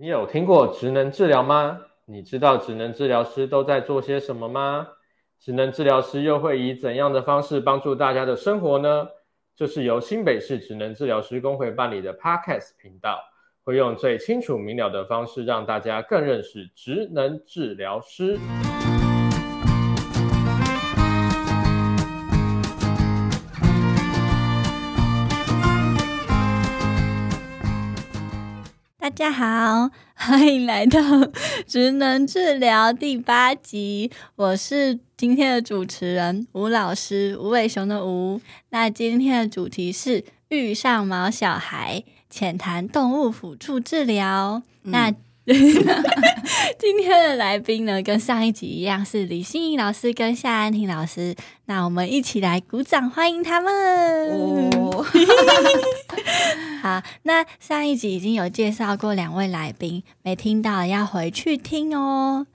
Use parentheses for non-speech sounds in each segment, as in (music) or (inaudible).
你有聽過職能治療嗎？你知道職能治療師都在做些什麼嗎？職能治療師又會以怎樣的方式幫助大家的生活呢？這、就是由新北市職能治療師公會辦理的 Podcast 頻道，會用最清楚明了的方式讓大家更認識職能治療師。大家好，歡迎來到職能治療第八集。我是今天的主持人吳老師，吳偉雄的吳。那今天的主題是癒上毛小孩，淺談動物輔助治療。嗯、那。 (laughs) 呢 (laughs) 今天的來賓呢，跟上一集一樣是李欣怡老師跟夏安婷老師，那我們一起來鼓掌歡迎他們。哦、 (laughs) (laughs) 好，那上一集已經有介紹過兩位來賓，沒聽到要回去聽哦。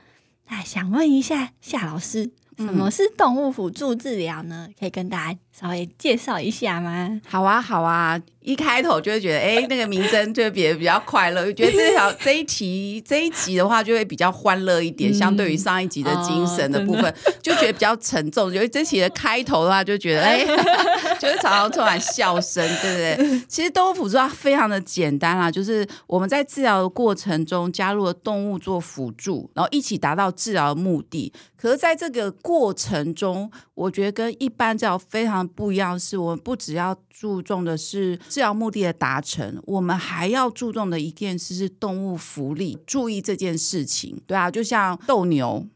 那想問一下夏老師，什麼是動物輔助治療呢？嗯、可以跟大家。稍微介紹一下嗎？好啊，好啊，一開頭就會覺得，哎、欸，那個明真就比比較快樂， (laughs) 覺得這條這一集這一集的話就會比較歡樂一點，嗯、相對於上一集的精神的部分，哦、就覺得比較沉重。因為 (laughs) 這期的開頭的話，就覺得，哎、欸， (laughs) (laughs) 就是常常突然笑聲，對不對？ (laughs) 其實動物輔助它非常的簡單啦、啊，就是我們在治療的過程中加入了動物做輔助，然後一起達到治療的目的。可是在這個過程中，我覺得跟一般治療非常。不一樣是我們不只要注重的是治療目的的達成，我們還要注重的一件事是動物福利，注意這件事情。對啊，就像鬥牛、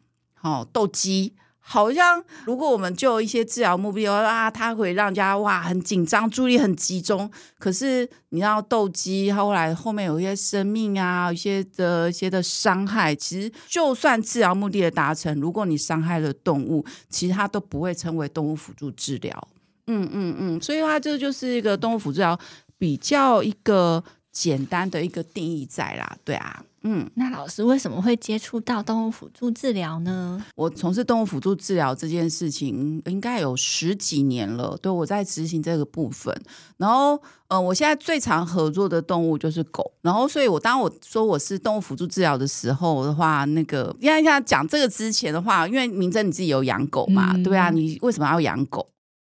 哦鬥雞，好像如果我們就一些治療目的啊，它會讓人家哇很緊張，注意力很集中。可是你知道鬥雞，後來後面有一些生命啊，一些的一些的傷害。其實就算治療目的的達成，如果你傷害了動物，其實它都不會成為動物輔助治療。嗯嗯嗯，所以的話這就是一個動物輔助療比較一個簡單的一個定義在啦，對啊，嗯，那老師為什麼會接觸到動物輔助治療呢？我從事動物輔助治療這件事情應該有十幾年了，對，我在執行這個部分，然後呃，我現在最常合作的動物就是狗，然後所以我當我說我是動物輔助治療的時候的話，那個因為像講這個之前的話，因為明真你自己有養狗嘛，嗯、對啊，你為什麼要養狗？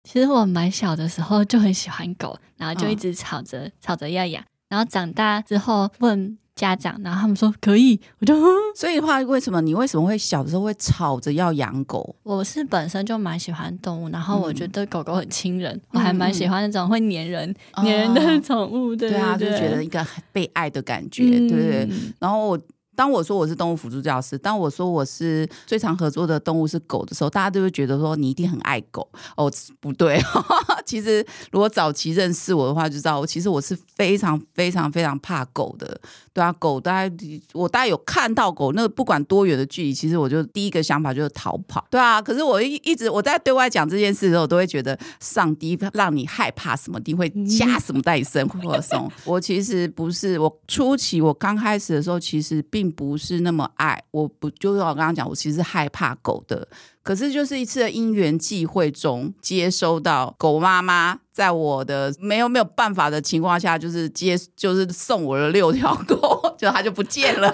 其實我蠻小的時候就很喜歡狗，然後就一直吵着、嗯、吵着要養。然後長大之後問家長，然後他們說可以，我就呵呵，所以話，為什麼你為什麼會小的時候會吵着要養狗？我是本身就蠻喜歡動物，然後我覺得狗狗很親人，嗯、我還蠻喜歡那種會黏人、黏、嗯、人的寵物啊，對，對，對啊，就覺得一個很被愛的感覺，嗯、對不對？然後我。當我說我是動物輔助教師，當我說我是最常合作的動物是狗的時候，大家都會覺得說你一定很愛狗哦。不對哦，其實如果早期認識我的話，就知道我其實我是非常非常非常怕狗的。對啊，狗大家我大家有看到狗，那個，不管多遠的距離，其實我就第一個想法就是逃跑。對啊，可是我一一直我在對外講這件事的時候，我都會覺得上帝讓你害怕什麼地會加什麼在身，或者什麼。 (laughs) 我其實不是，我初期我剛開始的時候，其實並並不是那麼愛，我不就是我剛剛講，我其實是害怕狗的。可是就是一次的因緣際會中接收到狗媽媽，在我的沒有沒有辦法的情況下，就是接就是送我的六條狗，就它就不見了。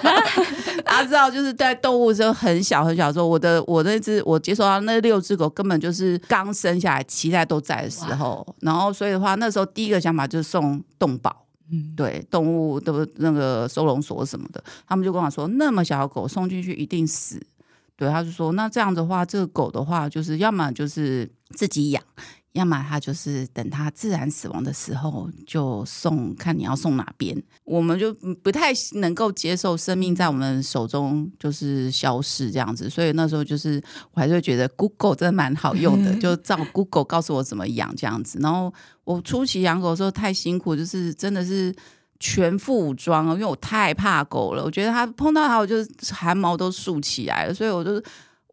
大家 (laughs) 知道，就是在動物生很小很小的時候，我的我的那只我接收到那六隻狗根本就是剛生下來，臍帶都在的時候，哇然後所以的話，那時候第一個想法就是送動保。 (noise) 對動物的那個收容所什麼的，他們就跟我說，那麼小狗送進去一定死。對，他就說，那這樣的話，這個狗的話，就是要麼就是自己養。要麼他就是等他自然死亡的時候就送，看你要送哪邊，我們就不太能夠接受生命在我們手中就是消失這樣子。所以那時候就是我還是會覺得 Google 真的蠻好用的，就照 Google 告訴我怎麼養這樣子。 (laughs) 然後我初期養狗的時候太辛苦，就是真的是全副武裝了，因為我太怕狗了。我覺得他碰到他，我就是汗毛都豎起來了，所以我就。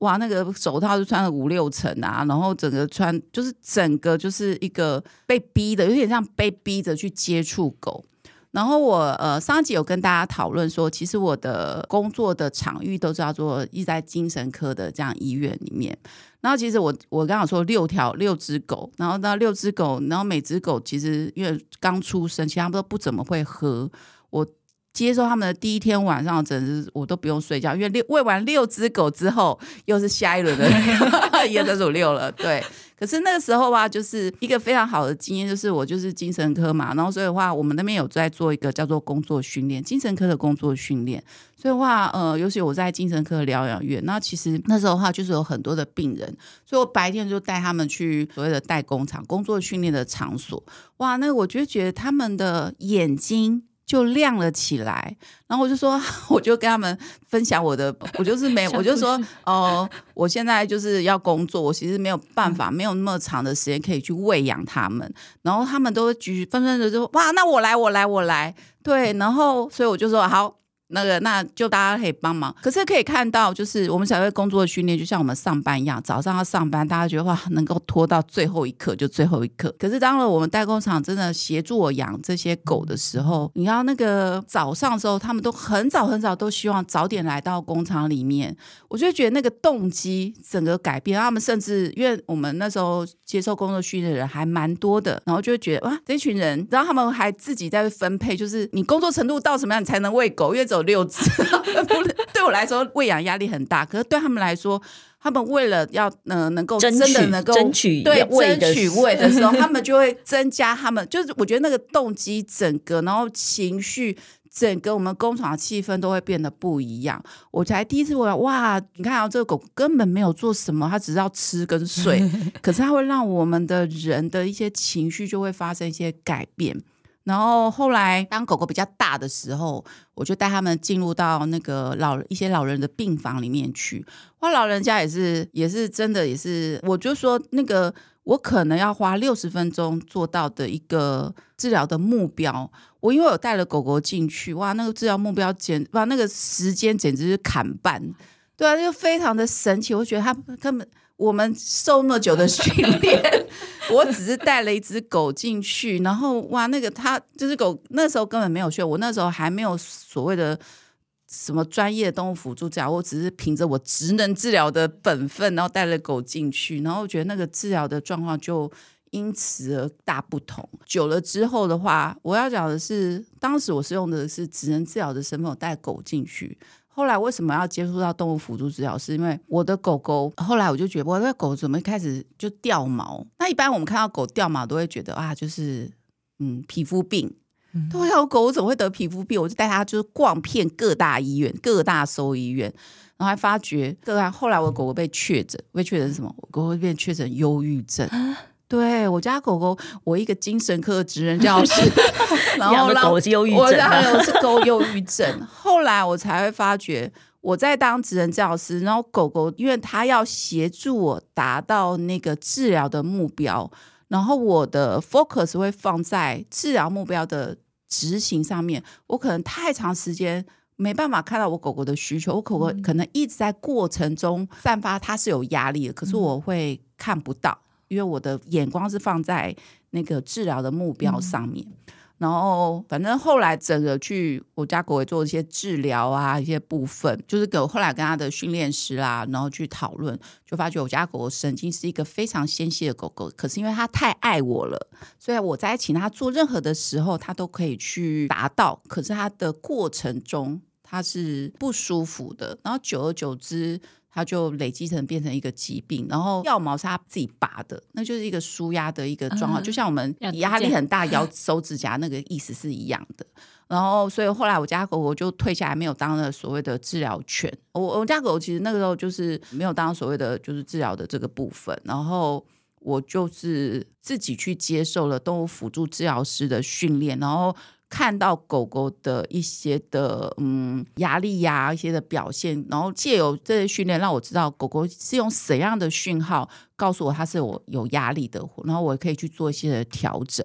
哇，那個手套就穿了五六層啊，然後整個穿就是整個就是一個被逼的，有點像被逼着去接觸狗。然後我呃上集有跟大家討論說，其實我的工作的場域都是要做，是在精神科的這樣醫院裡面。然後其實我我剛剛有說六條六隻狗，然後那六隻狗，然後每隻狗其實因為剛出生，其他都不怎麼會喝我。接受他們的第一天晚上，整日我都不用睡覺，因為六餵完六隻狗之後，又是下一輪的 (laughs) (laughs) 一二三四五六了。對，可是那個時候啊，就是一個非常好的經驗，就是我就是精神科嘛，然後所以的話，我們那邊有在做一個叫做工作訓練，精神科的工作訓練。所以的話呃，尤其我在精神科療養院，那其實那時候的話，就是有很多的病人，所以我白天就帶他們去所謂的代工廠工作訓練的場所。哇，那我就覺得他們的眼睛。就亮了起來，然後我就說，我就跟他們分享我的，我就是沒， (laughs) 我就說，哦、呃，我現在就是要工作，我其實沒有辦法， (laughs) 沒有那麼長的時間可以去餵養他們，然後他們都舉紛紛的就說，哇，那我來，我來，我來，對，然後所以我就說好。那個，那就大家可以幫忙。可是可以看到，就是我們小月工作的訓練，就像我們上班一樣，早上要上班，大家覺得哇，能夠拖到最後一刻就最後一刻。可是，當了我們代工廠真的協助我養這些狗的時候，你要那個早上的時候，他們都很早很早都希望早點來到工廠裡面，我就會覺得那個動機整個改變。然後他們甚至因為我們那時候接受工作訓練的人還蠻多的，然後就會覺得哇，這群人，然後他們還自己在分配，就是你工作程度到什麼樣，你才能餵狗，因為有六只， (laughs) (laughs) 對我來說餵養壓力很大，可是對他們來說，他們為了要嗯、呃、能夠真的能夠爭取對爭取餵的時候，時候 (laughs) 他們就會增加他們就是我覺得那個動機整個，然後情緒整個我們工廠的氣氛都會變得不一樣。我才第一次回哇，你看啊這個狗根本沒有做什麼，它只是要吃跟睡， (laughs) 可是它會讓我們的人的一些情緒就會發生一些改變。然後後來，當狗狗比較大的時候，我就帶他們進入到那個老一些老人的病房裡面去。哇，老人家也是也是真的也是，我就說那個我可能要花六十分鐘做到的一個治療的目標，我因為我帶了狗狗進去，哇，那個治療目標簡哇那個時間簡直是砍半，對啊，就非常的神奇，我覺得他根本。他們我們受那麼久的訓練， (laughs) 我只是帶了一隻狗進去，然後哇，那個它就是狗，那時候根本沒有訓練，我那時候還沒有所謂的什麼專業動物輔助治療，我只是憑着我職能治療的本分，然後帶了狗進去，然後我覺得那個治療的狀況就因此而大不同。久了之後的話，我要講的是，當時我是用的是職能治療的身份帶狗進去。後來為什麼要接觸到動物輔助治療師？是因為我的狗狗，後來我就覺得，我那狗怎麼開始就掉毛？那一般我們看到狗掉毛都會覺得啊，就是嗯皮膚病。那條、嗯、狗怎麼會得皮膚病？我就帶它就是逛遍各大醫院、各大獸醫院，然後還發覺，後來我的狗狗被確診，被確診是什麼？我狗狗被確診憂鬱症。對，我家狗狗，我一個精神科的職能治療師， (laughs) 然後讓、 (laughs) 啊、我家有是狗憂鬱症。 (laughs) 後來我才會發覺，我在當職能治療師，然後狗狗，因為它要協助我達到那個治療的目標，然後我的 focus 會放在治療目標的執行上面。我可能太長時間沒辦法看到我狗狗的需求，我狗狗可能一直在過程中散發，它是有壓力的，可是我會看不到。嗯因為我的眼光是放在那個治療的目標上面，嗯、然後反正後來整個去我家狗也做一些治療啊，一些部分就是給我後來跟他的訓練師啊，然後去討論，就發覺我家狗狗神經是一個非常纖細的狗狗，可是因為它太愛我了，所以我在請他做任何的時候，他都可以去達到，可是他的過程中他是不舒服的，然後久而久之。它就累積成變成一個疾病，然後掉毛是他自己拔的，那就是一個舒壓的一個狀況，嗯、就像我們壓力很大咬手指甲那個意思是一樣的。嗯、然後，所以後來我家狗狗就退下來，沒有當了所謂的治療犬。我我家狗其實那個時候就是沒有當所謂的就是治療的這個部分，然後我就是自己去接受了動物輔助治療師的訓練，然後。看到狗狗的一些的嗯壓力呀、啊，一些的表現，然後借由這些訓練，讓我知道狗狗是用怎樣的訊號告訴我它是我有壓力的，然後我可以去做一些的調整。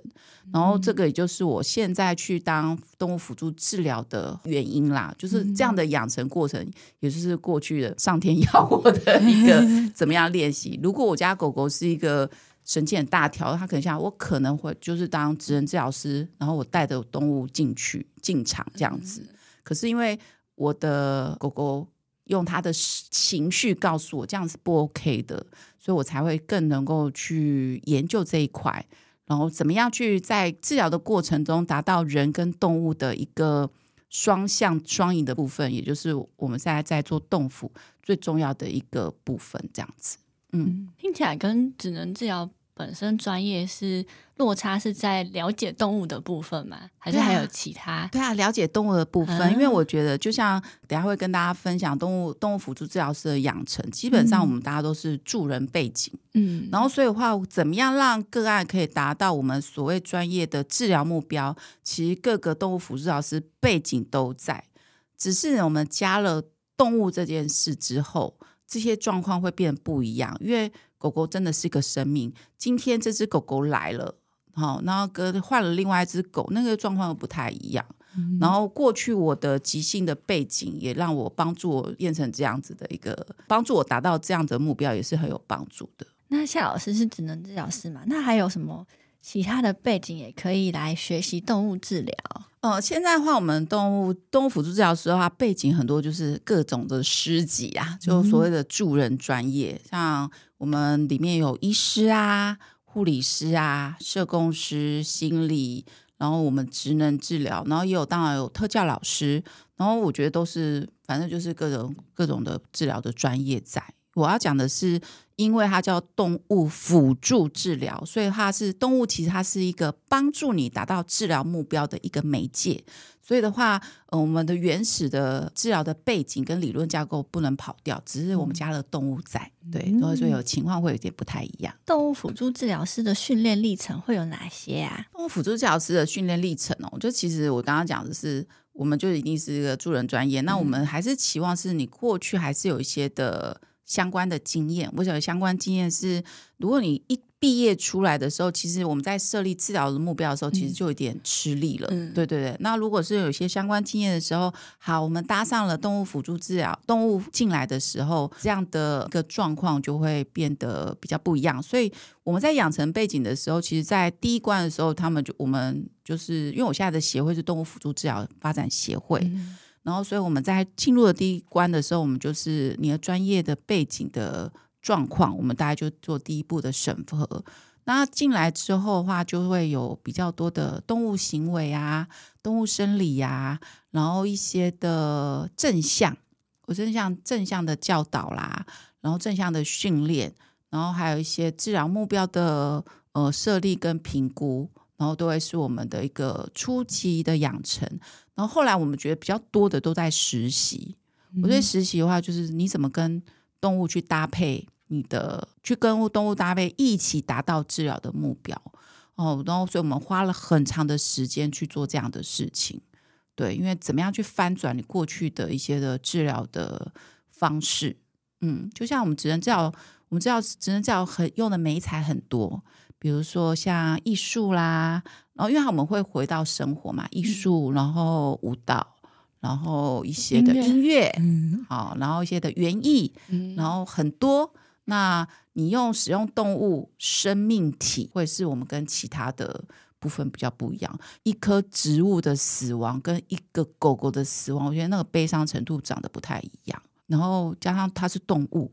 然後這個也就是我現在去當動物輔助治療的原因啦，嗯、就是這樣的養成過程，嗯、也就是過去的上天要我的一個怎麼樣練習。如果我家狗狗是一個。神經很大條，他可能想我可能會就是當職能治療師，然後我帶着動物進去進場這樣子。嗯、可是因為我的狗狗用他的情緒告訴我，這樣是不 OK 的，所以我才會更能夠去研究這一塊，然後怎麼樣去在治療的過程中達到人跟動物的一個雙向雙贏的部分，也就是我們現在在做動輔最重要的一個部分這樣子。嗯，聽起來跟職能治療。本身專業是落差是在了解動物的部分嗎？還是還有其他？對啊，了解動物的部分，嗯、因為我覺得，就像等下會跟大家分享動物動物輔助治療師的養成，基本上我們大家都是助人背景，嗯，然後所以的話，怎麼樣讓個案可以達到我們所謂專業的治療目標？其實各個動物輔助治療師背景都在，只是我們加了動物這件事之後。這些狀況會變不一樣，因為狗狗真的是個生命。今天這隻狗狗來了，好，然後跟換了另外一隻狗，那個狀況又不太一樣。嗯、然後過去我的即興的背景也讓我幫助我變成這樣子的一個，幫助我達到這樣的目標也是很有幫助的。那夏老師是職能治療師嗎？那還有什麼其他的背景也可以來學習動物治療？呃，現在的話，我們動物動物輔助治療師的話，背景很多就是各種的師級啊，就所謂的助人專業，嗯、像我們裡面有醫師啊、護理師啊、社工師、心理，然後我們職能治療，然後也有當然有特教老師，然後我覺得都是反正就是各種各種的治療的專業在。我要講的是，因為它叫動物輔助治療，所以它是動物，其實它是一個幫助你達到治療目標的一個媒介。所以的話，呃、我們的原始的治療的背景跟理論架構不能跑掉，只是我們加了動物在，嗯、對，所以有情況會有點不太一樣、嗯。動物輔助治療師的訓練歷程會有哪些啊？動物輔助治療師的訓練歷程哦，就其實我剛剛講的是，我們就一定是一個助人專業，嗯、那我們還是期望是你過去還是有一些的。相關的經驗，我想覺得相關經驗是，如果你一畢業出來的時候，其實我們在設立治療的目標的時候，嗯、其實就有點吃力了。嗯、對對對，那如果是有些相關經驗的時候，好，我們搭上了動物輔助治療，動物進來的時候，這樣的一個狀況就會變得比較不一樣。所以我們在養成背景的時候，其實，在第一關的時候，他們就我們就是因為我現在的協會是動物輔助治療發展協會。嗯然後，所以我們在進入的第一關的時候，我們就是你的專業的背景的狀況，我們大概就做第一步的審核。那進來之後的話，就會有比較多的動物行為啊、動物生理呀、啊，然後一些的正向，我正向正向的教導啦，然後正向的訓練，然後還有一些治療目標的呃設立跟評估，然後都會是我們的一個初期的養成。然後後來我們覺得比較多的都在實習。我覺得實習的話，就是你怎麼跟動物去搭配，你的去跟動物搭配一起達到治療的目標哦。然後，所以我們花了很長的時間去做這樣的事情。對，因為怎麼樣去翻轉你過去的一些的治療的方式？嗯，就像我們職能治療，我們知道職能治療很用的媒材很多，比如說像藝術啦。然後，因為我們會回到生活嘛，藝術，然後舞蹈，然後一些的音樂，嗯、好，然後一些的園藝，嗯、然後很多。那你用使用動物生命體，會是我們跟其他的部分比較不一樣，一棵植物的死亡跟一個狗狗的死亡，我覺得那個悲傷程度長得不太一樣。然後加上它是動物。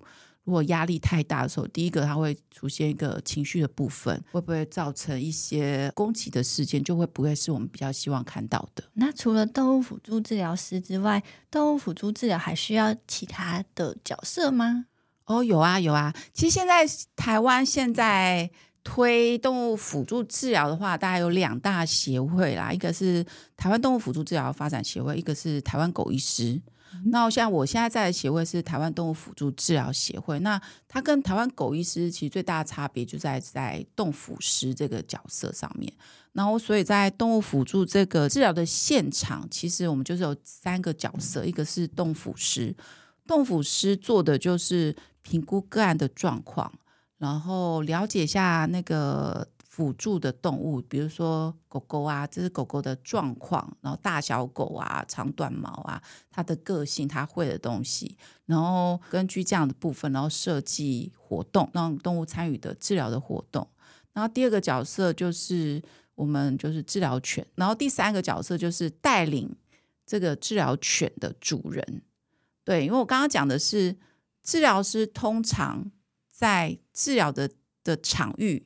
如果壓力太大的時候，第一個它會出現一個情緒的部分，會不會造成一些攻擊的事件？就會不會是我們比較希望看到的？那除了動物輔助治療師之外，動物輔助治療還需要其他的角色嗎？哦，有啊，有啊。其實現在台灣現在推動物輔助治療的話，大概有兩大協會啦，一個是台灣動物輔助治療發展協會，一個是台灣狗醫師。嗯、那像我現在在的協會是台灣動物輔助治療協會，那它跟台灣狗醫師其實最大的差別就在在動輔師這個角色上面。然後所以在動物輔助這個治療的現場，其實我們就是有三個角色，一個是動輔師，動輔師做的就是評估個案的狀況，然後了解一下那個。輔助的動物，比如說狗狗啊，這是狗狗的狀況，然後大小狗啊，長短毛啊，它的個性，它會的東西，然後根據這樣的部分，然後設計活動，讓動物參與的治療的活動。然後第二個角色就是我們就是治療犬，然後第三個角色就是帶領這個治療犬的主人。對，因為我剛剛講的是，治療師通常在治療的的場域，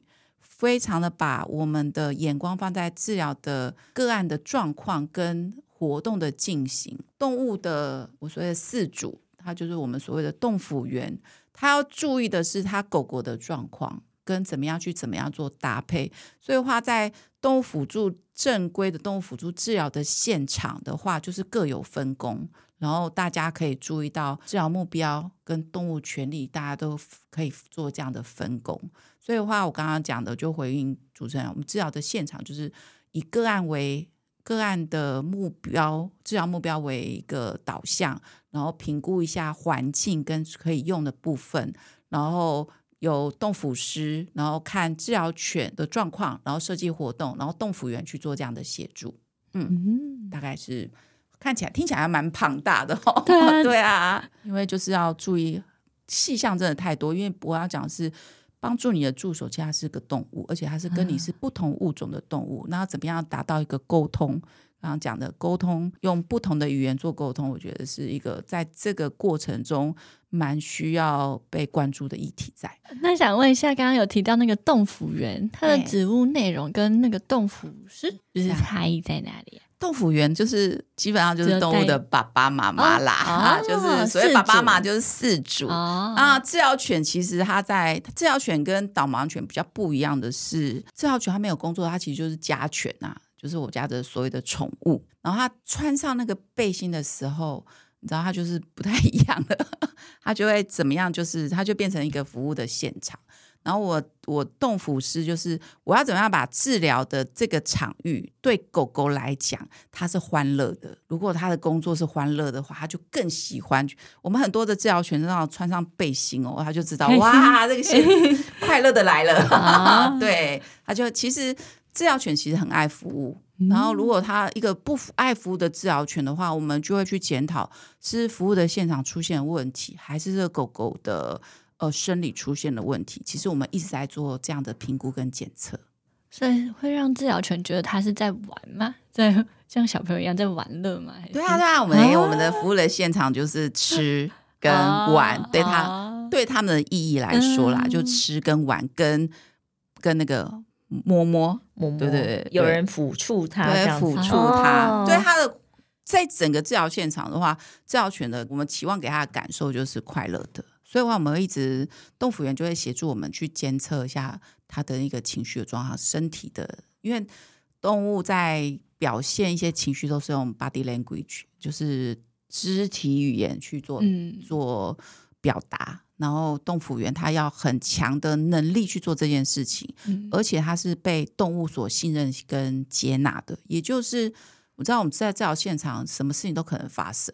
非常的把我們的眼光放在治療的個案的狀況跟活動的進行，動物的，我所謂的飼主，他就是我們所謂的動輔員，他要注意的是他狗狗的狀況。跟怎麼樣去怎麼樣做搭配，所以的話，在動物輔助正規的動物輔助治療的現場的話，就是各有分工，然後大家可以注意到治療目標跟動物權利，大家都可以做這樣的分工。所以的話，我剛剛講的就回應主持人，我們治療的現場就是以個案為個案的目標，治療目標為一個導向，然後評估一下環境跟可以用的部分，然後。有動輔師，然後看治療犬的狀況，然後設計活動，然後動輔員去做這樣的協助。嗯，嗯哼大概是看起來聽起來還蠻龐大的哦。是對啊，因為就是要注意細項真的太多。因為我要講是幫助你的助手，其實它是個動物，而且它是跟你是不同物種的動物，那、嗯、怎麼樣達到一個溝通？剛剛講的溝通，用不同的語言做溝通，我覺得是一個在這個過程中蠻需要被關注的議題在。在那，想問一下，剛剛有提到那個動輔員它的職務內容跟那個動輔師對是，是差異在哪裡，啊？動輔員就是基本上就是動物的爸爸媽媽啦，就是所謂爸爸媽媽就是飼主。哦、啊。治療犬其實它在治療犬跟導盲犬比較不一樣的是，治療犬它沒有工作，它其實就是家犬啊。就是我家的所有的寵物，然後他穿上那個背心的時候，你知道他就是不太一樣的。他就會怎麼樣？就是他就變成一個服務的現場。然後我我動輔師就是我要怎麼樣把治療的這個場域對狗狗來講，它是歡樂的。如果他的工作是歡樂的話，他就更喜歡。我們很多的治療犬都要穿上背心哦，他就知道 (laughs) 哇，這個心快樂的來了。 (laughs) 啊、 (laughs) 對，他就其實。治療犬其實很愛服務，嗯、然後如果它一個不服愛服務的治療犬的話，我們就會去檢討是服務的現場出現問題，還是這個狗狗的呃生理出現了問題。其實我們一直在做這樣的評估跟檢測，嗯、所以會讓治療犬覺得它是在玩嗎？在像小朋友一樣在玩樂嗎？對啊對啊，我們、哦、我們的服務的現場就是吃跟玩，哦、對它對它們的意義來說啦，嗯、就吃跟玩跟跟那個。哦摸摸摸，對對對，有人撫觸他，對撫觸它，哦、對他的，在整個治療現場的話，治療犬的我們期望給他的感受就是快樂的，所以的話我們會一直動物員就會協助我們去監測一下他的那個情緒的狀態、身體的，因為動物在表現一些情緒都是用 body language，就是肢體語言去做、嗯、做表達。然後動輔員他要很強的能力去做這件事情，嗯、而且他是被動物所信任跟接納的。也就是我知道我們在治療現場，什麼事情都可能發生，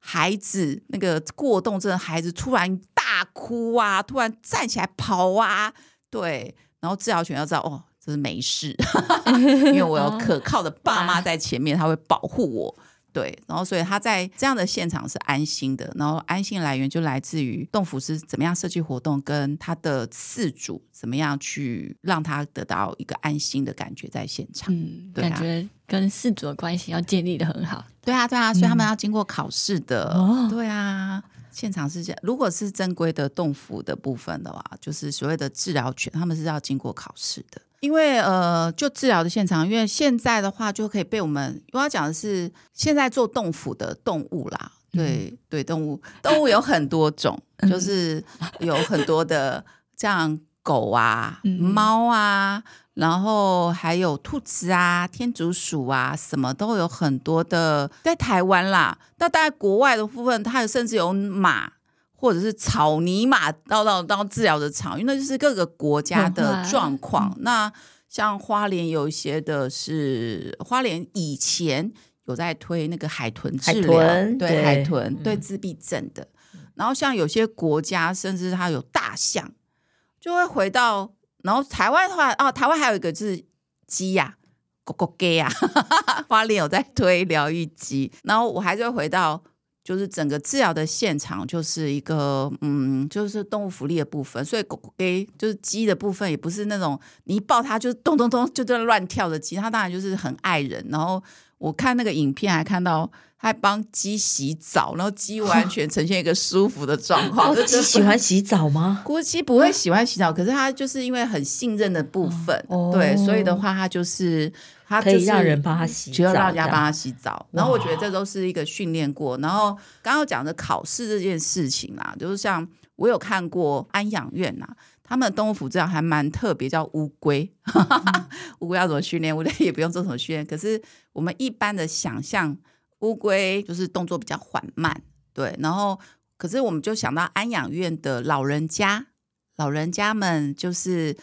孩子那個過動症，孩子突然大哭啊，突然站起來跑啊，對，然後治療犬要知道哦，這是沒事， (laughs) 因為我有可靠的爸媽在前面，啊、他會保護我。對，然後所以他在這樣的現場是安心的，然後安心來源就來自於動輔師怎麼樣設計活動，跟他的飼主怎麼樣去讓他得到一個安心的感覺，在現場，嗯，對啊、感覺跟飼主的關係要建立得很好，對啊，對啊，所以他們要經過考試的，嗯、對啊。現場是這樣，如果是正規的動輔的部分的話，就是所謂的治療犬，他們是要經過考試的。因為呃，就治療的現場，因為現在的話就可以被我們我要講的是，現在做動輔的動物啦，對、嗯、對，動物動物有很多種，嗯、就是有很多的這樣狗啊、貓、嗯、啊。然後還有兔子啊、天竺鼠啊，什麼都有很多的，在台灣啦。那大概國外的部分，它甚至有馬，或者是草泥馬到到到治療的場，因為那就是各個國家的狀況。嗯、那像花蓮有一些的是，花蓮以前有在推那個海豚治療海豚對，對海豚對自閉症的。嗯、然後像有些國家，甚至它有大象，就會回到。然後台灣的話，哦，台灣還有一個就是雞呀、啊，狗狗雞啊， (laughs) 花蓮有在推療癒雞。然後我還是會回到，就是整個治療的現場，就是一個，嗯，就是動物福利的部分。所以狗狗雞就是雞的部分，也不是那種你一抱它就咚咚咚就在亂跳的雞，它當然就是很愛人，然後。我看那個影片，還看到他還幫雞洗澡，然後雞完全呈現一個舒服的狀況。雞呵喜歡洗澡嗎？估計不會喜歡洗澡，可是他就是因為很信任的部分，哦、對，所以的話他、就是，他就是它可以讓人幫他洗澡，只要讓人幫它洗澡。樣然後我覺得這都是一個訓練過。哇然後剛剛講的考試這件事情啦、啊，就是像我有看過安養院吶、啊。他們的動物輔助還蠻特別，叫烏龜。烏 (laughs) 龜要怎麼訓練？我的也不用做什麼訓練。可是我們一般的想象，烏龜就是動作比較緩慢，對。然後，可是我們就想到安養院的老人家，老人家們就是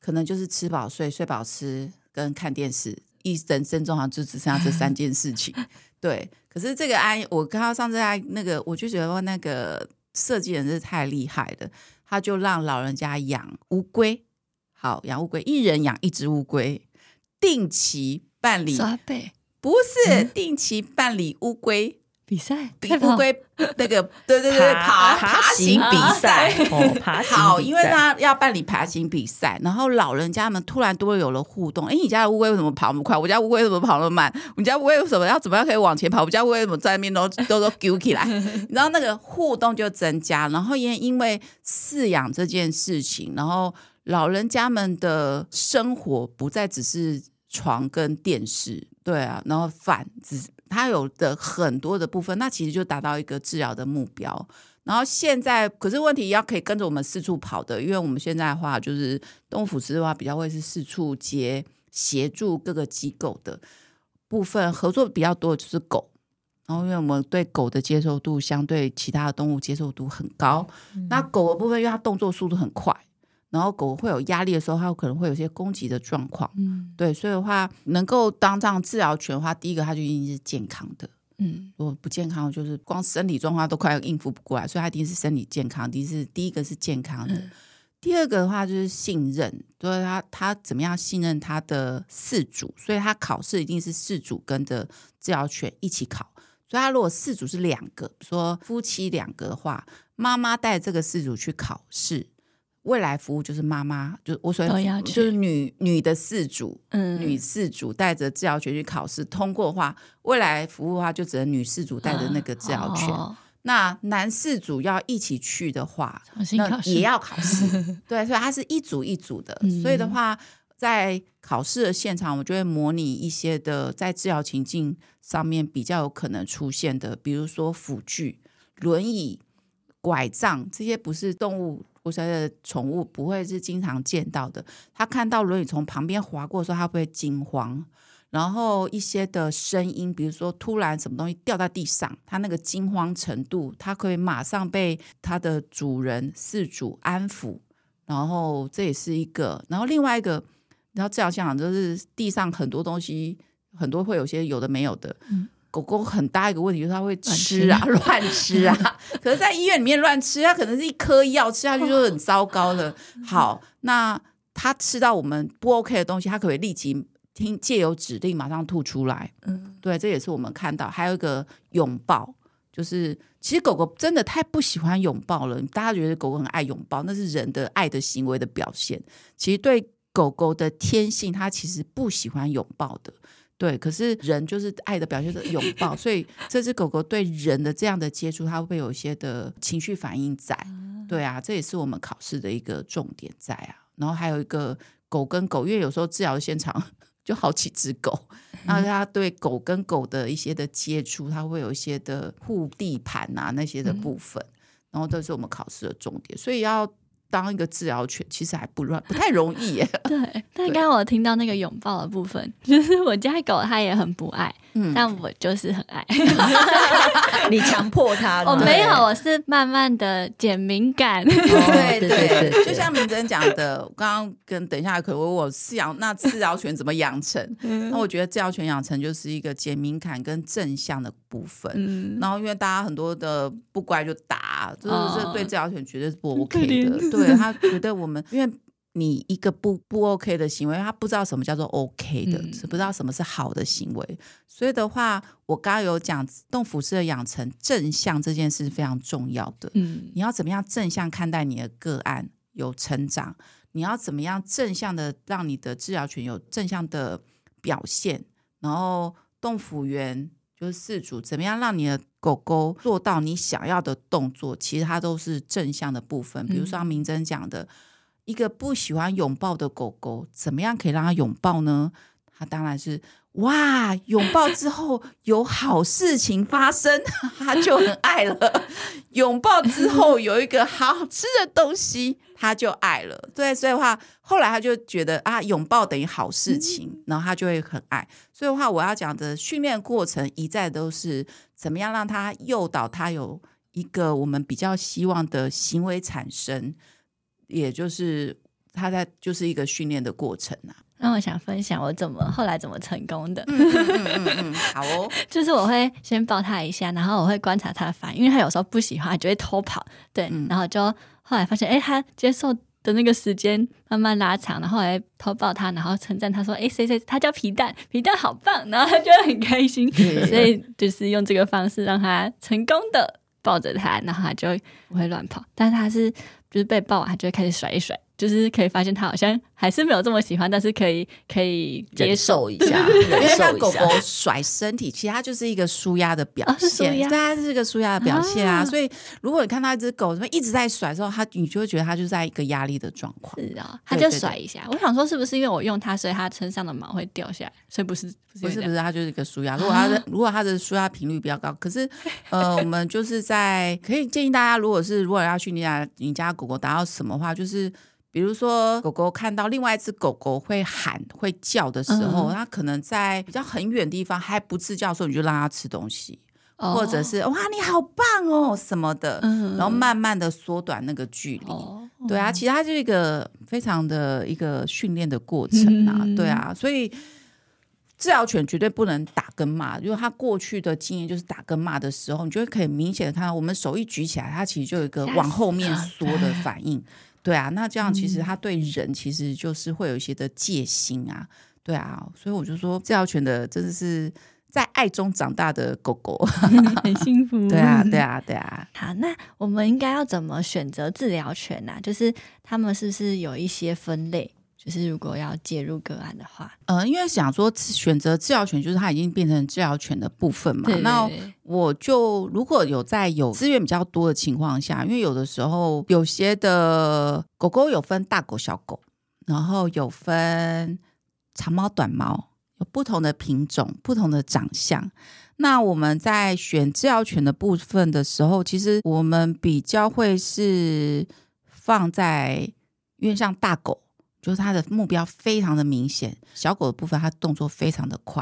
可能就是吃飽睡，睡飽吃，跟看電視。一人生中好像就只剩下這三件事情， (laughs) 對。可是這個安，我剛剛上次安那個，我就覺得說那個設計人真是太厲害了。他就讓老人家養烏龜，好，養烏龜，一人養一隻烏龜，定期辦理，貝被不是、嗯、定期辦理烏龜比賽，烏龜那個，對對對，爬爬行比賽，對哦、爬行比賽好，因為他要辦理爬行比賽，然後老人家們突然都有了互動，哎，你家的烏龜為什麼跑那麼快？我家烏龜為什麼跑那麼慢？我們家烏龜為什麼要怎麼樣可以往前跑？我們家烏龜為什麼在那邊都都都丟起來？然後 (laughs) 那個互動就增加，然後也因為飼養這件事情，然後老人家們的生活不再只是床跟電視，對啊，然後反之。它有的很多的部分，那其實就達到一個治療的目標。然後現在，可是問題要可以跟着我們四處跑的，因為我們現在的話，就是動物輔助的話，比較會是四處接協助各個機構的部分合作比較多的就是狗。然後，因為我們對狗的接受度相對其他的動物接受度很高，嗯、那狗的部分，因為它動作速度很快。然後狗會有壓力的時候，它有可能會有些攻擊的狀況。嗯、對，所以的話，能夠當上治療犬的話，第一個它就一定是健康的。嗯，如果不健康，就是光身體狀況都快要應付不過來，所以它一定是身體健康。第一是第一個是健康的，嗯、第二個的話就是信任，所以就是它它怎麼樣信任它的飼主，所以它考試一定是飼主跟著治療犬一起考。所以它如果飼主是兩個，說夫妻兩個的話，媽媽帶這個飼主去考試。未來服務就是媽媽，就是我所說的，就是女女的飼主，嗯，女飼主帶着治療犬去考試，通過的話，未來服務的話就只能女飼主帶着那個治療犬。嗯、好好那男飼主要一起去的話，那也要考試。 (laughs) 對，所以它是一組一組的。嗯、所以的話，在考試的現場，我就會模擬一些的在治療情境上面比較有可能出現的，比如說輔具、輪椅、拐杖這些，不是動物。我家的寵物不會是經常見到的，他看到輪椅從旁邊滑過的時候，他不會驚慌。然後一些的聲音，比如說突然什麼東西掉在地上，他那個驚慌程度，他可以馬上被他的主人飼主安撫。然後這也是一個，然後另外一個，你要這樣想，就是地上很多東西，很多會有些有的沒有的。嗯狗狗很大一個問題就是它會吃啊，亂吃， (laughs) 亂吃啊。可是，在醫院裡面亂吃，它可能是一顆藥吃下去就很糟糕了。好，那它吃到我們不 OK 的東西，它可以立即聽借由指令馬上吐出來。嗯，對，這也是我們看到還有一個擁抱，就是其實狗狗真的太不喜歡擁抱了。大家覺得狗狗很愛擁抱，那是人的愛的行為的表現。其實對狗狗的天性，它其實不喜歡擁抱的。對，可是人就是愛的表現是擁抱， (laughs) 所以這只狗狗對人的這樣的接觸，它會有一些的情緒反應在。嗯、對啊，這也是我們考試的一個重點在啊。然後還有一個狗跟狗，因為有時候治療現場就好幾只狗，那、嗯、它對狗跟狗的一些的接觸，它會有一些的護地盤啊那些的部分，嗯、然後都是我們考試的重點，所以要。當一個治療犬其實還不亂，不太容易耶。對，但剛剛我聽到那個擁抱的部分，對就是我家狗它也很不愛，嗯、但我就是很愛。 (laughs) (laughs) 你強迫它？我沒有，我是慢慢的減敏感。對對對，對對對就像明珍講的，剛剛 (laughs) 跟等一下可我飼養那治療犬怎麼養成？ (laughs) 那我覺得治療犬養成就是一個減敏感跟正向的部分，嗯、然後因為大家很多的不乖就打，就是這對治療犬絕對是不 OK 的。哦、對他覺得我們， (laughs) 因為你一個不不 OK 的行為，為他不知道什麼叫做 OK 的，是、嗯、不知道什麼是好的行為。所以的話，我剛剛有講動輔師的養成正向這件事是非常重要的。嗯、你要怎麼樣正向看待你的個案有成長？你要怎麼樣正向的讓你的治療犬有正向的表現？然後動輔員。就是飼主，怎麼樣讓你的狗狗做到你想要的動作？其實它都是正向的部分。嗯、比如說明珍講的，一個不喜歡擁抱的狗狗，怎麼樣可以讓它擁抱呢？它當然是。哇！擁抱之後有好事情發生，他就很愛了。擁抱之後有一個好好吃的東西，他就愛了。對，所以的話，後來他就覺得啊，擁抱等於好事情，然後他就會很愛。所以的話，我要講的訓練過程一再都是怎麼樣讓他誘導他有一個我們比較希望的行為產生，也就是他在就是一個訓練的過程啊。那我想分享我怎麼後來怎麼成功的。嗯，好哦，就是我會先抱他一下，然後我會觀察他的反應，因為他有時候不喜歡，就會偷跑。對，嗯，然後就後來發現，哎、欸，他接受的那個時間慢慢拉長，然後，後來偷抱他，然後稱讚他說：“哎、欸、誰誰，他叫皮蛋，皮蛋好棒。”然後他就會很開心。所以就是用這個方式讓他成功的抱着他，然後他就不會亂跑。但是他是就是被抱完，他就會開始甩一甩。就是可以發現，它好像還是沒有這麼喜歡，但是可以可以接受一下。 (laughs) 因為像狗狗甩身體，其實它就是一個舒壓的表現。對、哦，它是，是一個舒壓的表現啊。啊所以如果你看到一隻狗它一直在甩的時候，它你就會覺得它就在一個壓力的狀況。是啊、哦，它就甩一下。對對對，我想說，是不是因為我用它，所以它身上的毛會掉下來？所以不是，不是，不是，不是，它就是一個舒壓。如果它的、啊、如果它的舒壓頻率比較高，可是呃，我們就是在可以建議大家，如果是如果要去你家，你家狗狗達到什麼話，就是。比如說，狗狗看到另外一只狗狗會喊、會叫的時候，它、嗯、哼可能在比較很遠的地方還不自叫的時候，你就讓它吃東西，或者是、哦、哇，你好棒哦什麼的，嗯、哼然後慢慢的縮短那個距離。哦、對啊，其實他是一個非常的一個訓練的過程啊，嗯、哼對啊，所以治療犬絕對不能打跟罵，因、就、為、是、他過去的經驗就是打跟罵的時候，你就會可以明顯的看到，我們手一舉起來，它其實就有一個往後面縮的反應。對啊，那這樣其實它對人其實就是會有一些的戒心啊，嗯、對啊，所以我就說治療犬的真的是在愛中長大的狗狗， (laughs) (laughs) 很幸福。對啊，對啊，對啊。好，那我們應該要怎麼選擇治療犬呢、啊？就是他們是不是有一些分類？就是如果要介入個案的話，嗯、呃，因為想說選擇治療犬，就是它已經變成治療犬的部分嘛。對對對。那我就如果有在有資源比較多的情況下，因為有的時候有些的狗狗有分大狗、小狗，然後有分長毛、短毛，有不同的品種、不同的長相。那我們在選治療犬的部分的時候，其實我們比較會是放在因為像大狗。就是他的目標非常的明顯，小狗的部分他動作非常的快。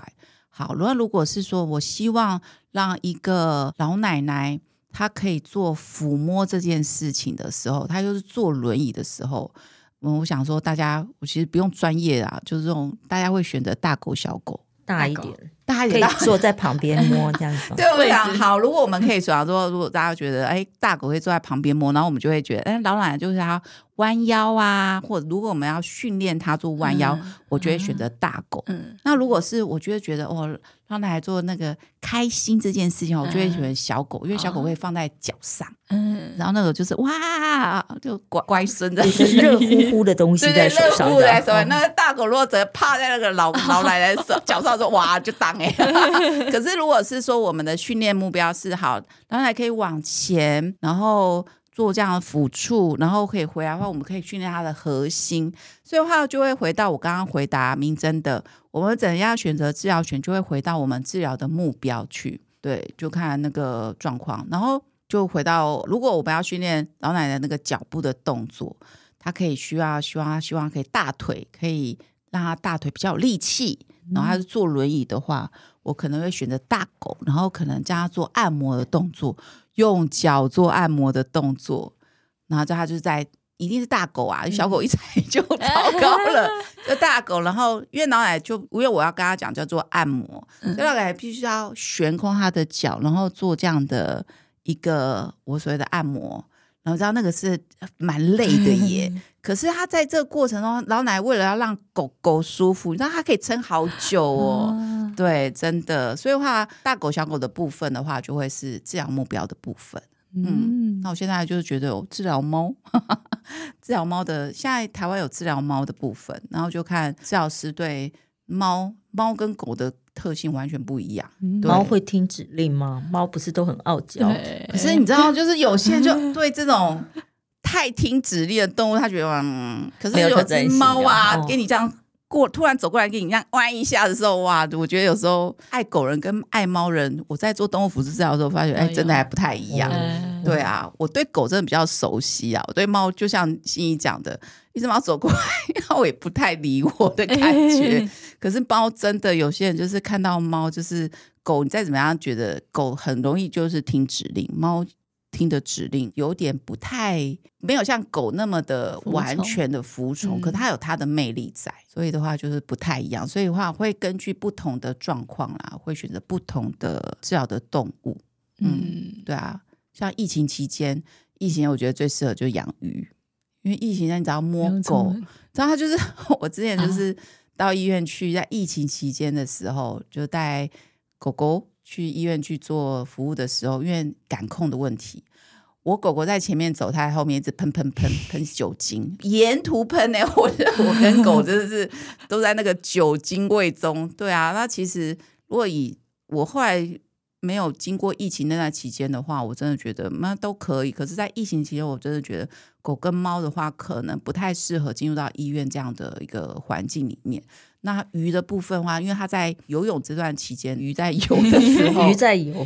好，然後如果是說我希望讓一個老奶奶她可以做撫摸這件事情的時候，她就是坐輪椅的時候，嗯，我想說大家我其實不用專業啊，就是這種大家會選擇大狗、小狗大一點，大家可以坐在旁邊摸 (laughs) 這樣子。對、啊，好，如果我們可以主要說，如果大家覺得誒、欸，大狗可以坐在旁邊摸，然後我們就會覺得誒、欸，老奶奶就是他。彎腰啊，或者如果我們要訓練他做彎腰，嗯、我就會選擇大狗。嗯、那如果是我就會覺得哦，剛才做那個開心這件事情，我就會選擇小狗，嗯、因為小狗會放在腳上。嗯、哦，然後那個就是哇，就乖乖孫，就是熱乎乎的東西在手上。那大狗如果只趴在那個老老奶奶手腳上說哇，就當誒。可是如果是說我們的訓練目標是好，然後還可以往前，然後，做這樣的撫觸，然後可以回來的話，我們可以訓練它的核心，所以的話就會回到我剛剛回答明真的，我們怎樣選擇治療犬，就會回到我們治療的目標去，對，就看那個狀況，然後就回到，如果我們要訓練老奶奶那個腳部的動作，它可以需要希望希望可以大腿可以讓它大腿比較有力氣，然後它是坐輪椅的話，我可能會選擇大狗，然後可能教它做按摩的動作。用腳做按摩的動作，然後就他就是在，一定是大狗啊，嗯、小狗一踩就糟糕了，就大狗，然後因為老奶奶就，因為我要跟他講叫做按摩，所以老奶奶必須要懸空他的腳，然後做這樣的一個我所謂的按摩。然後知道那個是蠻累的耶，嗯、可是他在這個過程中，老奶為了要讓狗狗舒服，你知道他可以撐好久哦。啊、對，真的，所以的話，大狗小狗的部分的話，就會是治療目標的部分。嗯，嗯，那我現在就是覺得有治療貓， (laughs) 治療貓的現在台灣有治療貓的部分，然後就看治療師對貓貓跟狗的。特性完全不一樣。貓會聽指令嗎？貓不是都很傲嬌？對可是你知道，就是有些人就對這種太聽指令的動物，他覺得，嗯，沒可，可是有隻貓啊，哦，給你這樣。過突然走過來給你這樣彎一下的時候，哇！我覺得有時候愛狗人跟愛貓人，我在做動物輔助治療的時候，發覺哎、欸，真的還不太一樣。哎、呦對啊，我對狗真的比較熟悉啊，我對貓就像欣怡講的，一只貓走過來，然 (laughs) 後也不太理我的感覺。哎、嘿嘿，可是貓真的有些人就是看到貓，就是狗，你再怎麼樣覺得狗很容易就是聽指令，貓，聽的指令有點不太沒有像狗那麼的完全的服從，服從，可它有它的魅力在，嗯、所以的話就是不太一樣。所以的話會根據不同的狀況啦，會選擇不同的治療的動物。嗯，嗯對啊，像疫情期間，疫情我覺得最適合就養魚，因為疫情期間你只要摸狗，然後麼就是我之前就是到醫院去，在疫情期間的時候就帶狗狗。去醫院去做服務的時候，因為感控的問題，我狗狗在前面走，它在後面一直噴噴噴噴酒精，沿途噴哎、欸！我我跟狗真、就、的是 (laughs) 都在那個酒精味中。對啊，那其實如果以我後來。沒有經過疫情那段期間的話，我真的覺得那都可以。可是，在疫情期間，我真的覺得狗跟貓的話，可能不太適合進入到醫院這樣的一個環境裡面。那魚的部分的話，因為它在游泳這段期間，魚在游的時候，魚在游，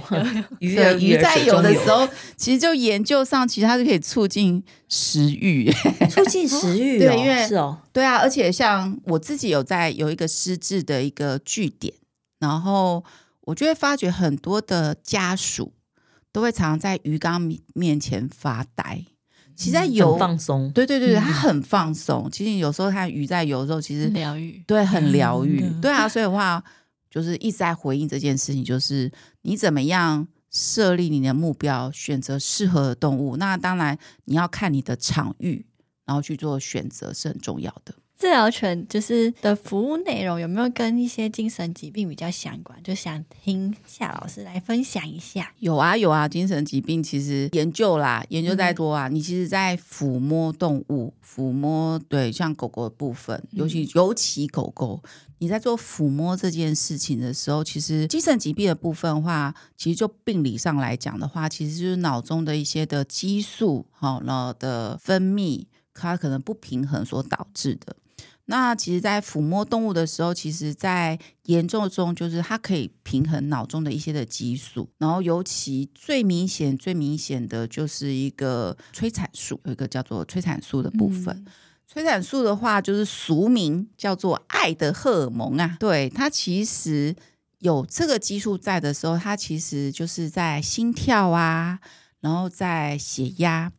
魚魚在游的時候，其實就研究上，其實它是可以促進食欲， (laughs) 促進食欲、哦。對，因為是哦，對啊，而且像我自己有在有一個失智的一個據點，然後。我就會發覺很多的家屬都會常常在魚缸面前發呆，其實在游，很放鬆，對對對，他很放鬆。其實有時候看魚在游的時候，其實療癒，對，很療癒。嗯，對啊，所以的話，就是一直在回應這件事情，就是你怎麼樣設立你的目標，選擇適合的動物。那當然你要看你的場域，然後去做選擇是很重要的。治療犬就是的服務內容有沒有跟一些精神疾病比較相關？就想聽夏老師來分享一下。有啊，有啊，精神疾病其實研究啦，研究再多啊，嗯、你其實在撫摸動物，撫摸對像狗狗的部分，尤其、嗯、尤其尤其狗狗，你在做撫摸這件事情的時候，其實精神疾病的部分的話，其實就病理上來講的話，其實就是腦中的一些的激素，好，腦的分泌，它可能不平衡所導致的。那其實，在撫摸動物的時候，其實，在研究中就是它可以平衡腦中的一些的激素，然後尤其最明顯、最明顯的就是一個催產素，有一個叫做催產素的部分。催產、嗯、素的話，就是俗名叫做“愛的荷爾蒙”啊。對，它其實有這個激素在的時候，它其實就是在心跳啊，然後在血壓、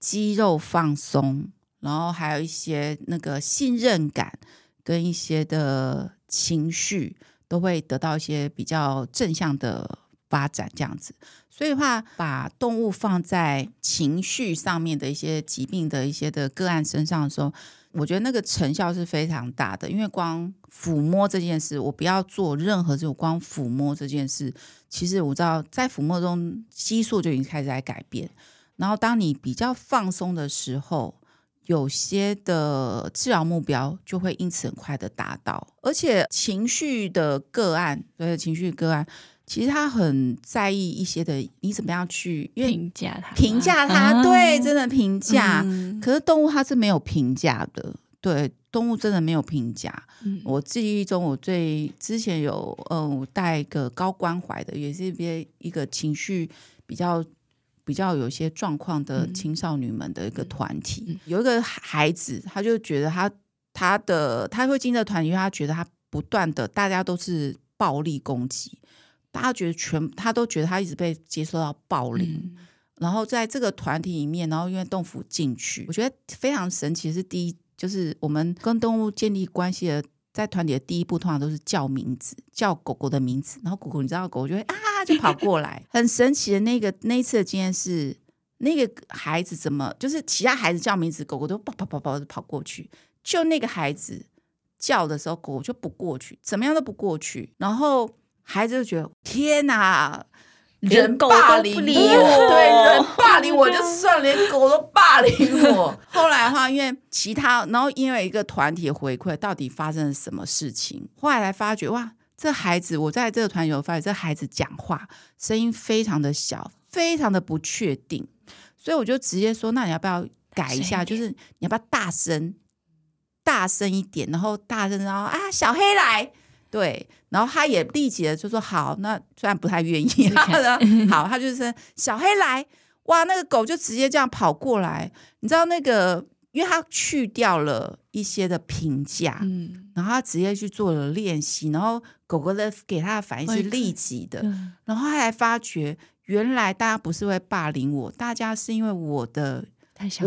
肌肉放鬆。然後還有一些那個信任感跟一些的情緒都會得到一些比較正向的發展，這樣子。所以話，把動物放在情緒上面的一些疾病的一些的個案身上的時候，我覺得那個成效是非常大的。因為光撫摸這件事，我不要做任何這種光撫摸這件事。其實我知道，在撫摸中激素就已經開始在改變。然後，當你比較放鬆的時候。有些的治療目標就會因此很快的達到，而且情緒的個案，對情緒個案，其實他很在意一些的，你怎麼樣去評價他，他？評價他對，嗯、真的評價。嗯、可是動物它是沒有評價的，對動物真的沒有評價。嗯、我記憶中，我最之前有，嗯，我帶一個高關懷的，也是別一個情緒比較。比較有一些狀況的青少女們的一個團體，嗯嗯嗯、有一個孩子，他就覺得他他的他會進這個團體，因為他覺得他不斷的大家都是暴力攻擊，大家覺得全他都覺得他一直被接受到暴力，嗯、然後在這個團體裡面，然後因為動物進去，我覺得非常神奇的是第一，就是我們跟動物建立關係的。在團體的第一步，通常都是叫名字，叫狗狗的名字，然後狗狗，你知道，狗狗就會啊，就跑過來。很神奇的那個那一次的經驗是，那個孩子怎麼，就是其他孩子叫名字，狗狗都跑跑跑跑跑過去，就那個孩子叫的時候，狗狗就不過去，怎麼樣都不過去，然後孩子就覺得天哪！人霸凌我，對人霸凌我，就算連狗都霸凌我。 (laughs) 後來的話，因為其他，然後因為一個團體回饋，到底發生了什麼事情？後來才發覺哇，這孩子，我在這個團體有發現，這孩子講話聲音非常的小，非常的不確定，所以我就直接說，那你要不要改一下？就是你要不要大聲，大聲一點，然後大聲，然後啊，小黑來。對，然後他也立即的就說：“好，那雖然不太願意，然後好，他就是小黑來，哇，那個狗就直接這樣跑過來。你知道那個，因為他去掉了一些的評價，嗯，然後他直接去做了練習，然後狗狗的給他的反應是立即的，嗯，然後他才發覺，原來大家不是會霸凌我，大家是因為我的。”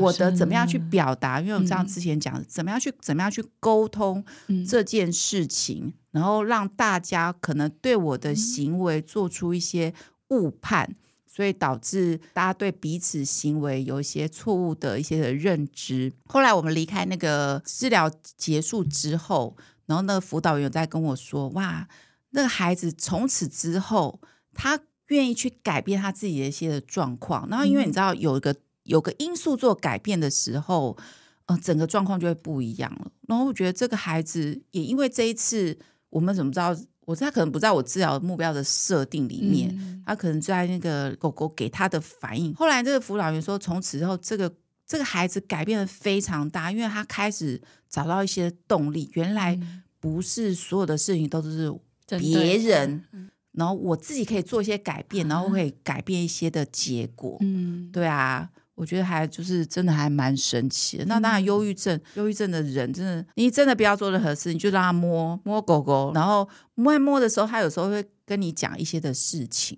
我的怎麼樣去表達？因為我像之前講的，嗯、怎麼樣去怎麼樣去溝通這件事情，嗯、然後讓大家可能對我的行為做出一些誤判，嗯、所以導致大家對彼此行為有一些錯誤的一些的認知。嗯、後來我們離開那個治療結束之後，然後那個輔導員在跟我說：“哇，那個孩子從此之後，他願意去改變他自己的一些的狀況。嗯”然後因為你知道有一個。有個因素做改變的時候，呃，整個狀況就會不一樣了。然後我覺得這個孩子也因為這一次，我們怎麼知道？我他可能不在我治療目標的設定裡面，嗯、他可能在那個狗狗給他的反應。後來這個輔導員說，從此之後，這個這個孩子改變的非常大，因為他開始找到一些動力。原來不是所有的事情都是別人，嗯嗯、然後我自己可以做一些改變，然後我可以改變一些的結果。嗯、對啊。我覺得還就是真的還蠻神奇的。那當然，憂鬱症，嗯、憂鬱症的人真的，你真的不要做任何事，你就讓他摸摸狗狗，然後摸一摸的時候，他有時候會跟你講一些的事情。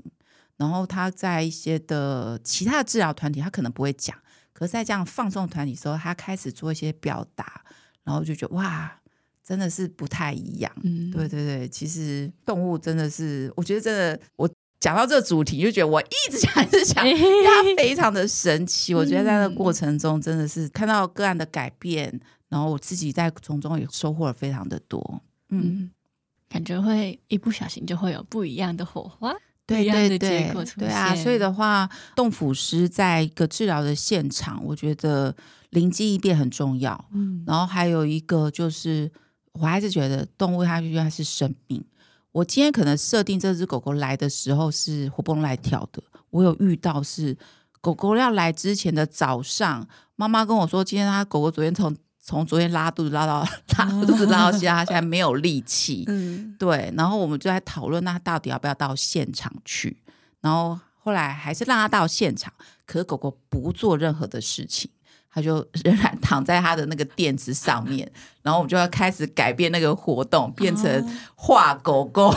然後他在一些的其他的治療團體，他可能不會講，可是在這樣放鬆團體的時候，他開始做一些表達，然後就覺得哇，真的是不太一樣。嗯，對對對，其實動物真的是，我覺得真的我。講到這個主題，就覺得我一直想一直想，它非常的神奇。 (laughs) 嗯、我覺得在那個過程中，真的是看到個案的改變，然後我自己在從中也收穫了非常的多。嗯，嗯，感覺會一不小心就會有不一樣的火花，對對對。不一樣的結果出現。對，對啊，所以的話，動輔師在一個治療的現場，我覺得靈機一變很重要。嗯、然後還有一個就是，我還是覺得動物它畢竟是生命。我今天可能設定這隻狗狗來的時候是活蹦亂跳的。我有遇到是狗狗要來之前的早上，媽媽跟我說，今天他狗狗昨天從從昨天拉肚子拉到拉肚子拉到現在，它現在沒有力氣。嗯，對。然後我們就在討論，它到底要不要到現場去？然後後來還是讓他到現場，可是狗狗不做任何的事情。他就仍然躺在他的那個墊子上面， (laughs) 然後我們就要開始改變那個活動，變成畫狗狗、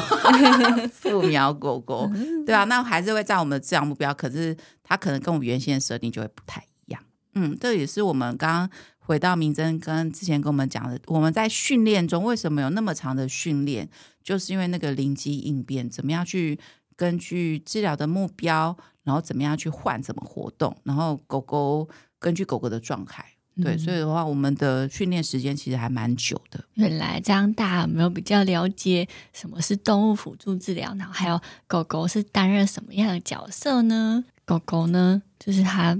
素描 (laughs) (laughs) 狗狗， (laughs) 對吧、啊？那還是會在我們的治療目標，可是它可能跟我們原先的設定就會不太一樣。嗯，這也是我們剛剛回到明真跟之前跟我們講的，我們在訓練中為什麼有那麼長的訓練，就是因為那個靈機應變，怎麼樣去根據治療的目標，然後怎麼樣去換怎麼活動，然後狗狗。根據狗狗的狀態，對，所以的話，我們的訓練時間其實還蠻久的。嗯、原來這樣，大家有沒有比較了解什麼是動物輔助治療？然後還有狗狗是擔任什麼樣的角色呢？嗯、狗狗呢，就是它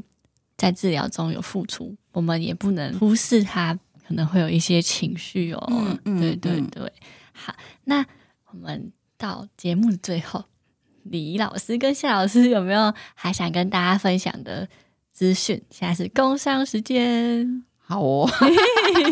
在治療中有付出，我們也不能忽視它，可能會有一些情緒哦。嗯、對對對。嗯、好，那我們到節目的最後，李老師跟夏老師有沒有還想跟大家分享的？資訊現在是工商時間，好哦，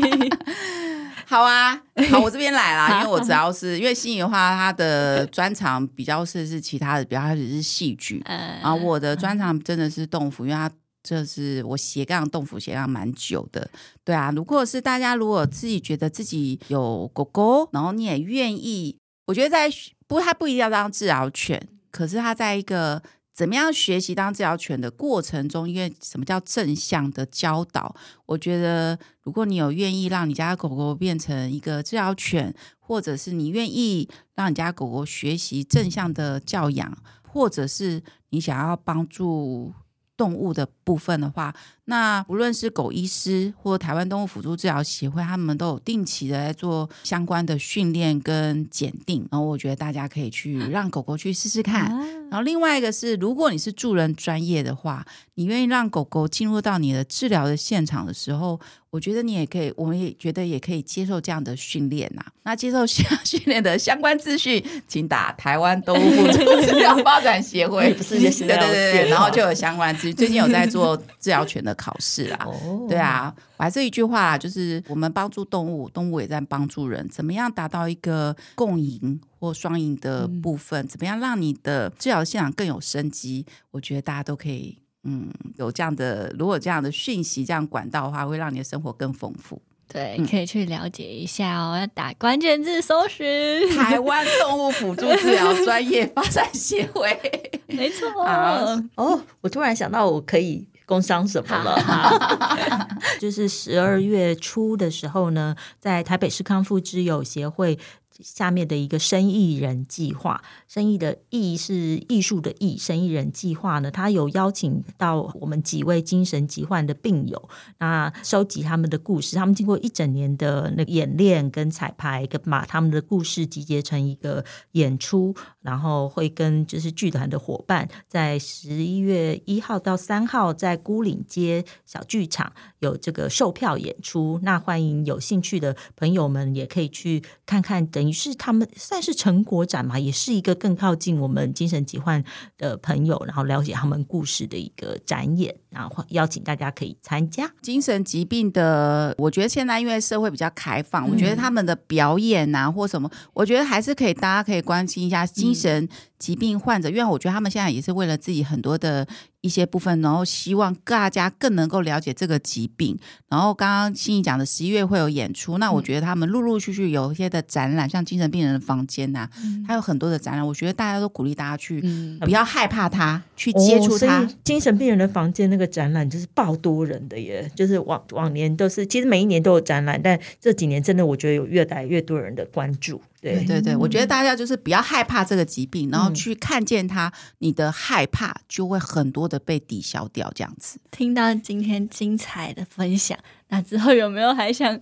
(laughs) 好啊，好，我這邊來啦， (laughs) 因為我主要是 (laughs) 因為欣怡的話，他的專長比較是是其他的，比較他只是戲劇，啊， (laughs) 我的專長真的是動輔， (laughs) 因為他這是我斜槓動輔斜槓蠻久的，對啊，如果是大家如果自己覺得自己有狗狗，然後你也願意，我覺得在不它他不一定要當治療犬，可是他在一個。怎麼樣學習當治療犬的過程中，因為什麼叫正向的教導，我覺得，如果你有願意讓你家狗狗變成一個治療犬，或者是你願意讓你家狗狗學習正向的教養，或者是你想要幫助動物的部分的話。那無論是狗醫師或台灣動物輔助治療協會，他們都有定期的在做相關的訓練跟檢定。然後我覺得大家可以去讓狗狗去試試看。啊、然後另外一個是，如果你是助人專業的話，你願意讓狗狗進入到你的治療的現場的時候，我覺得你也可以，我們也覺得也可以接受這樣的訓練吶。那接受訓訓練的相關資訊，請打台灣動物輔助治療發展協會，不是對對對對。然後就有相關資訊， (laughs) 最近有在做治療犬的。考試啦，對啊，我還是一句話，就是我們幫助動物，動物也在幫助人。怎麼樣達到一個共贏或雙贏的部分？嗯、怎麼樣讓你的治療現場更有生機？我覺得大家都可以，嗯，有這樣的如果這樣的訊息，這樣管道的話，會讓你的生活更豐富。對，可以去了解一下我、哦、要打關鍵字搜尋、嗯、台灣動物輔助治療專業發展協會，沒錯錯好哦，我突然想到，我可以。工傷什麼了？ (laughs) (laughs) (laughs) 就是十二月初的時候呢，在台北市康復之友協會。下面的一個生意人計劃，生意的藝是藝術的藝，生意人計劃呢，他有邀請到我們幾位精神疾患的病友，那收集他們的故事，他們經過一整年的那個演練跟彩排，跟把他們的故事集結成一個演出，然後會跟就是劇團的夥伴，在十一月一號到三號在牯嶺街小劇場。有這個售票演出，那歡迎有興趣的朋友們也可以去看看，等於是他們算是成果展嘛，也是一個更靠近我們精神疾患的朋友，然後了解他們故事的一個展演，然後邀請大家可以參加。精神疾病的，我覺得現在因為社會比較開放，嗯、我覺得他們的表演啊或什麼，我覺得還是可以，大家可以關心一下精神疾病患者，嗯、因為我覺得他們現在也是為了自己很多的。一些部分，然後希望大家更能夠了解這個疾病。然後剛剛欣怡講的十一月會有演出，嗯、那我覺得他們陸陸續續，續有一些的展覽，像精神病人的房間吶，啊嗯、還有很多的展覽，我覺得大家都鼓勵大家去，不要害怕它，嗯、去接觸它、哦。精神病人的房間那個展覽就是爆多人的耶，就是往往年都是，其實每一年都有展覽，但這幾年真的我覺得有越來越多人的關注。對、嗯、對對，我覺得大家就是不要害怕這個疾病，嗯、然後去看見它，你的害怕就會很多的被抵消掉，這樣子。聽到今天精彩的分享，那之後有沒有還想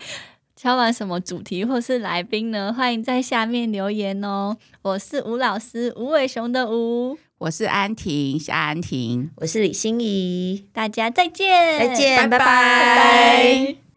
敲碗什麼主題或是來賓呢？歡迎在下面留言哦。我是吳老師吳偉雄的吳，我是安婷夏安婷，我是李欣怡，大家再見，再見，拜拜 bye。Bye bye